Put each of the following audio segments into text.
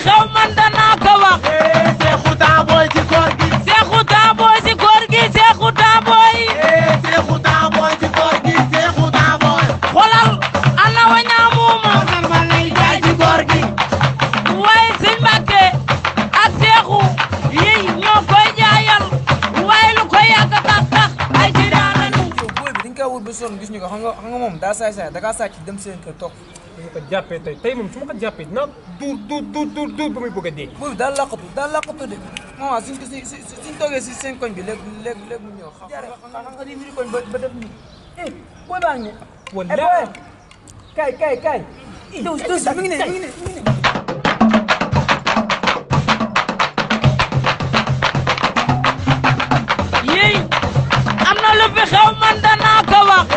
fi xew man danaa eh, Seexu Taaboy ci koor Seexu Taaboy ci koor Seexu Taaboy. Eh, Seexu Taaboy ci koor gi Seexu Taaboy. xoolal ana wa ñaamuuma. xoolal ma lay Seexu yi ñoo koy jaayal waaye koy yàgg tax ay ci daanañu. booy bi dañ koy wut ba sonn gis ñu ko dem seen ma ko jàppee tey tey moom su ma ko jàppee dinaa duur duur duur duur duur ba muy bëgg a dee. boobu daal laqatu daal laqatu de maman suñ ko si si suñ toogee si seen koñ bi léegi léegi léegi mu ñëw xam nga ni miri koñ ba def nii. eh booy baa ngi ne. wallaahi eh, kay kay kay. doo doo mi ngi ne mi ngi ne. xew man danaa ko wax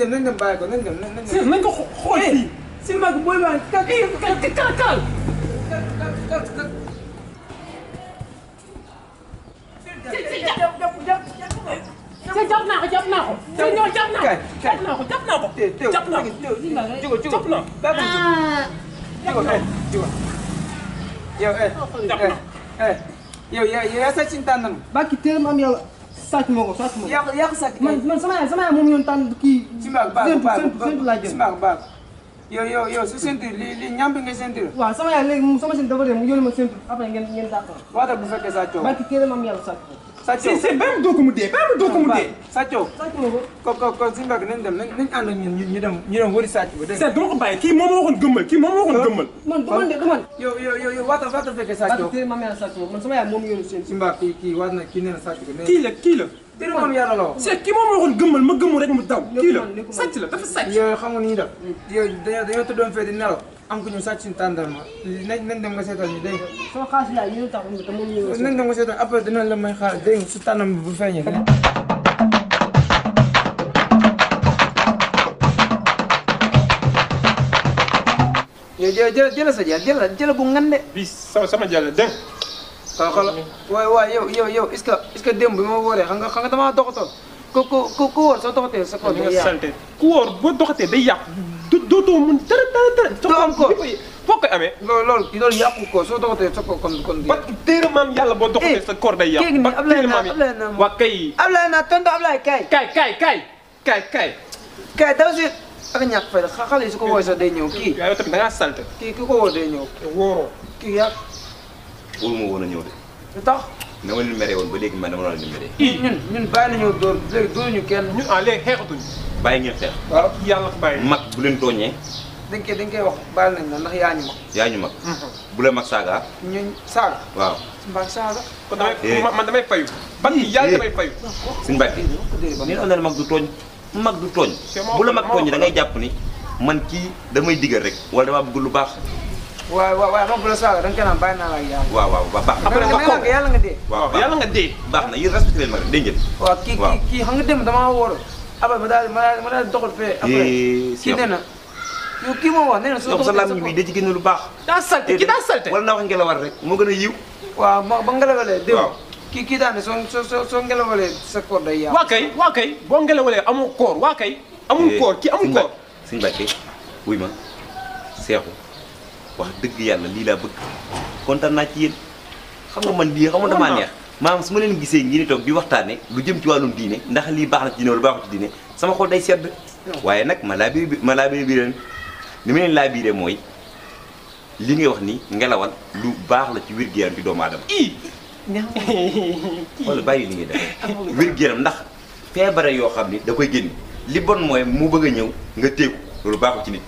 dem nañ dem bàyyi ko nañ dem nañ dem. Seydou nañ ko xool fii. Eh, si mag booy baa kàl kàl kàl kàl. jàpp naa ko jàpp naa ko. jàpp naa ko jàpp naa ko jàpp naa ko. jàpp naa ko jàpp naa ko. Ah. Eh, yow eh, eh. yow yaa yaa sa ci tànnam. bàkki téeram am yàlla. sàcc ma o sàcc ma ko. yàqu yàqu sàcc man man sama yaay sama yaay moom ñoon tànn si maag baax séntu laa jëm si si séntu li ñam bi nga séntu waaw sama yaay léegi moom sama séntu dafa dem mu yónni ma séntu après ngeen ngeen dàq. waatal bu fekkee sàcc coow. barki kéere maam yàlla sàcc Sadio si si mu doo ko mu dee bàyyi mu doo ko mu dee. moom moo waxoon gëmmal kii moom moo waxoon gëmmal. man du man de du moom yore na kii nee na moom yàlla la woon. c'est gëmmu rek mu daw. kii la sàcc la dafa sàcc. yooyu xam nga ni ñuy def. Mm. yooyu dañoo dañoo tëddoon fee am ku ñu sàcc suñu tàndarma nañ nañ dem nga seetal ñu dégg nga. sama xaalis laaj ñu tax te moom ñu. nañ dem nga seetal après dinañ la may xaalis dégg nga su tànnam bu feeñee. yow jë jë jëla sa jël jëla jëla bu ngan de. bii sama sama jël dégg nga. xoolal waay waay yow yow yow est-ce que est-ce que démb bi ma wooree xam nga xam nga damaa doxatoon ku ku ku wóor soo doxatee sa kaw. day yàqu ku wóor boo dootoo mun dara dara dara. am ko foo koy amee. loolu loolu loolu sa ko kon kon. parce que téere maam yàlla boo doxatee sa koor day yàqu. kii nii Ablaye naa Ablaye naa waa kay. Ablaye naa tonton Ablaye kay. kay kay kay kay kay. kay daw si ak ñàkk fay la xale yi su ko woowee sax day ñëw kii. yow tamit da ngaa salte. kii ki ko woo day ñëw. wóoroo kii yàq. wóoruma a ñëw de. lu tax. na ma leen mere woon ba léegi man dama la leen mere. i ñun ñun bàyyi nañoo dóor léegi dóoruñu ñu ah léegi xeexatuñu. bàyyi ngeen xeex. waaw mag bu leen tooñee. dañ koy dañ koy wax baal nañ la ndax yaa ñu mag. yaa ñu mhm. bu la mag saaga. ñun saaga. waaw. mbaa saaga. kon damay eh. man damay fayu. ban yàlla eh. damay fayu. suñu bàq yi. on mag du tooñ. mag du tooñ. bu la mag tooñ da ngay jàpp ni man kii damay digal rek. wala damaa bëgg lu baax waaw waaw waaw xam nga saaga da nga koy naan bàyyi naa la ak yàlla. waaw waaw baax na. après nga ko yàlla nga dee. baax na yéen respecté leen ma rek dégg ki waaw kii kii kii xam nga dem damaa wóor après ma daal ma daal doxal fee. après kii nee na yow kii moo wax nee na su doxalee sa bopp yow sa da ci lu baax. daa salte kii daa salte wala naa rek moo gën a yiw. waa ma ba ngelawalee. dégg kii kii daal ne soo soo soo ngelawalee sa koor day yàqu. waa kay waa kay boo ngelawalee amoo koor waa kay. amul koor kii amul koor. suñu bàkkee wuy ma seexu wax dëgg yàlla lii laa bëgg kontaan naa ci yéen xam nga man lii xam nga damaa neex maanaam su ma leen gisee ngeen di toog di waxtaane lu jëm ci wàllum diine ndax lii baax na ci diine wala baaxul ci diine sama xol day sedd waaye nag ma laa biir ma laa biir bi leen li ma leen laa biire mooy li ngay wax ni ngelawal lu baax la ci wér-gu-yaram ci doomu aadama wala bàyyi li ngay def wér-gu-yaram ndax feebare yoo xam ni da koy génn li bon mooy mu bëgg a ñëw nga téeku loolu baaxul ci nit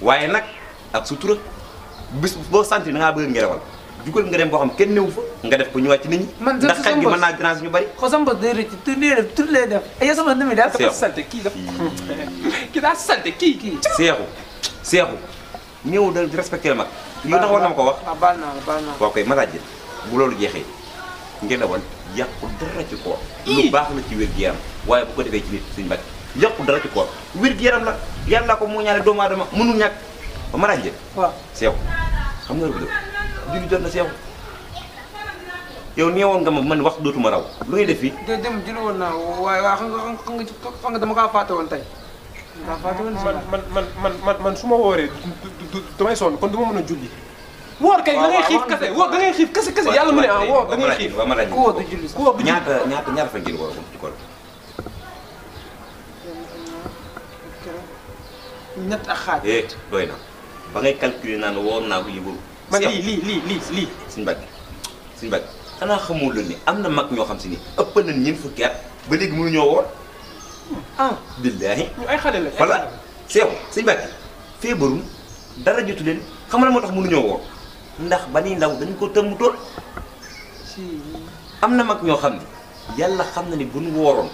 waaye nag ak sutura bis boo sentir da ngaa bëgg ngelawal jugal nga dem boo xam kenn newu fa nga ko ñu wàcc nit ñi ndax xel gi mën naa dérange ñu bari xosam bos eh, kii dafa kii daa salte kii kii seexu seexu ñëw da respecté la mag yow tax war na ma ko wax ah, baal naa la baal naa la waaw koy mataaj bu loolu jeexee ngelawal yàqu dara ci baax la ci wér gi yaram waaye bu ko defee ci nit suñu mbàkk yàqu dara ci koor wér gi yaram la yàlla ko moo ñaale doomu aadama mënul ñàkk ba maraaj jël. waaw seew xam nga loolu julli jot na seew. yow neewoon nga ma man wax dootuma raw lu ngay def fii. dé dem julli woon naa waaye waaw xam nga xam nga xam nga dama kaa fàtte woon tey. daa fàtte woon man man man man man su ma wooree du damay sonn kon du ma mën a julli. woor kay da ngay xiif kese woor da ngay xiif kese kese yàlla mu ne ku woor du julli ku woor du julli ñaata ñaata ñaata fa ngir woor ci ñett ak xaaj. ba ngay calculer naan woor naa ko yëngu. parce que lii lii lii lii lii. suñu bàgg suñu bàgg xanaa xamul la ni am na mag ñoo xam si ni ëpp nañ ñeent fukki at ba léegi mënuñoo woor. Ah. ah billaahi. ay xale la voilà seew suñu bàgg feebarum dara jotu leen xam la moo tax mënuñoo woor ndax ba ni ndaw dañ ko tëmb tool. am na mag ñoo xam ne yàlla xam na ni bu nu wooroon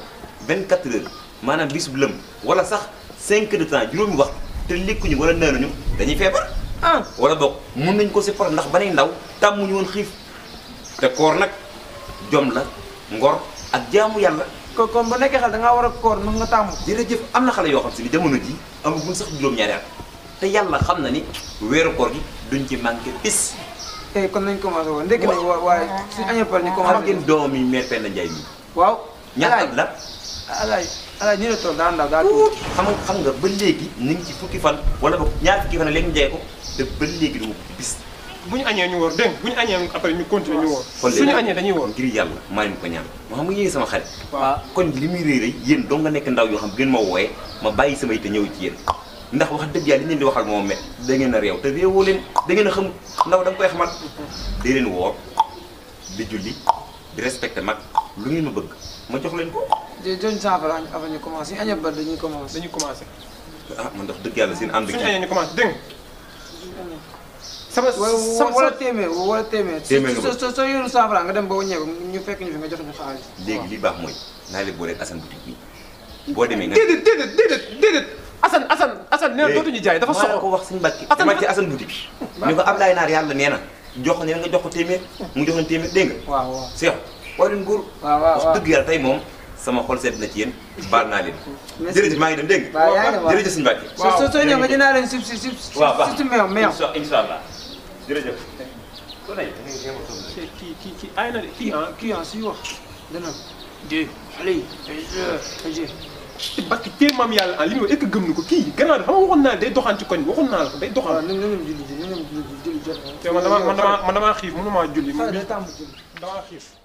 24 heures maanaam bis bu lëm wala sax 5 de temps juróomi wax te lekkuñu wala naanuñu. dañuy feebar ah wala boog mun nañ ko sipar ndax ba nay ndaw tàmmuñu woon xiif te koor nag jom la ngor ak jaamu yàlla ko kon ba nekkee xel da ngaa war a koor nag nga tàmm jërëjëf am na xale yoo xam si ni jamono ji amaguñ sax juróom-ñaari at te yàlla xam na ni weeru koor gi duñ ci manqué bis eh kon nañ commencé woon ndekki nañ waaye suñu añee par ñu commencé xam ngeen doom yi mère Penda Ndiaye mi waaw ñaata la alaaj ala nii la toll daa ndaw daa tuuti xam nga xam nga ba léegi ni ngi ci fukki fan wala ba ñaar fukki fan leen njee ko te ba léegi du bis bu ñu añee ñu woor dégg bu ñu añee après ñu continuer ñu woor kon suñu dañuy woor ngir yàlla maa ngi ko ñaan moo xam nga yéen sama xarit kon li muy réy rëy yéen doo nga nekk ndaw yoo xam gën ma wooyee ma bàyyi sama yitte ñëw ci yéen ndax wax dëgg yàlla li di wax ak moom met da ngeen a réew te réewoo leen da ngeen a xam ndaw da nga koy xamal di leen woor di julli di respecté mag lu ngeen ma bëgg ma jox leen ko. jooju saafara avant ñu commencé añab ba dañuy commencé. dañuy commencé. ah man ndax dëgg yàlla seen ànd. suñu añee ñu commencé dégg sama sama wala téeméer wala téeméer. téeméer nga soo soo nga dem ba wàññeeku ñu fekk ñu fi nga jox ñu xaalis. léegi li baax mooy naa leen booleeg Assane boo demee nga. déedéet déedéet déedéet déedéet Assane Assane Assane nee na ko wax suñu mbàkk. Assane dama ci Assane boutique bi. ñu ko Ablaye Naar nee na jox ko nee nga jox ko téeméer mu jox leen téeméer dégg nga. xoolin nguur. waaw waaw wax dëgg yàlla tey moom sama xol seet na ci yéen baal naa leen. merci jërëjëf maa ngi dem dégg nga. waaw yaa ngi waaw jërëjëf suñu Mbàkke. waaw soo soo ñëwee nga dinaa leen sub si sub. waaw baax surtout meew meew. incha allah jërëjëf. soo nay kii kii kii ay na de kii ah kii ah suy wax dana dégg xale yi te bakki tee maam yàlla ah li muy wax est-ce que gëm na ko kii gannaaw bi xam nga waxoon naa day doxaan ci koñ bi waxoon naa la ko day doxaan. waaw nañ la ñu julli ji nañ la ñu julli ji julli jot. te man damaa man damaa xiif mënumaa julli. damaa xiif.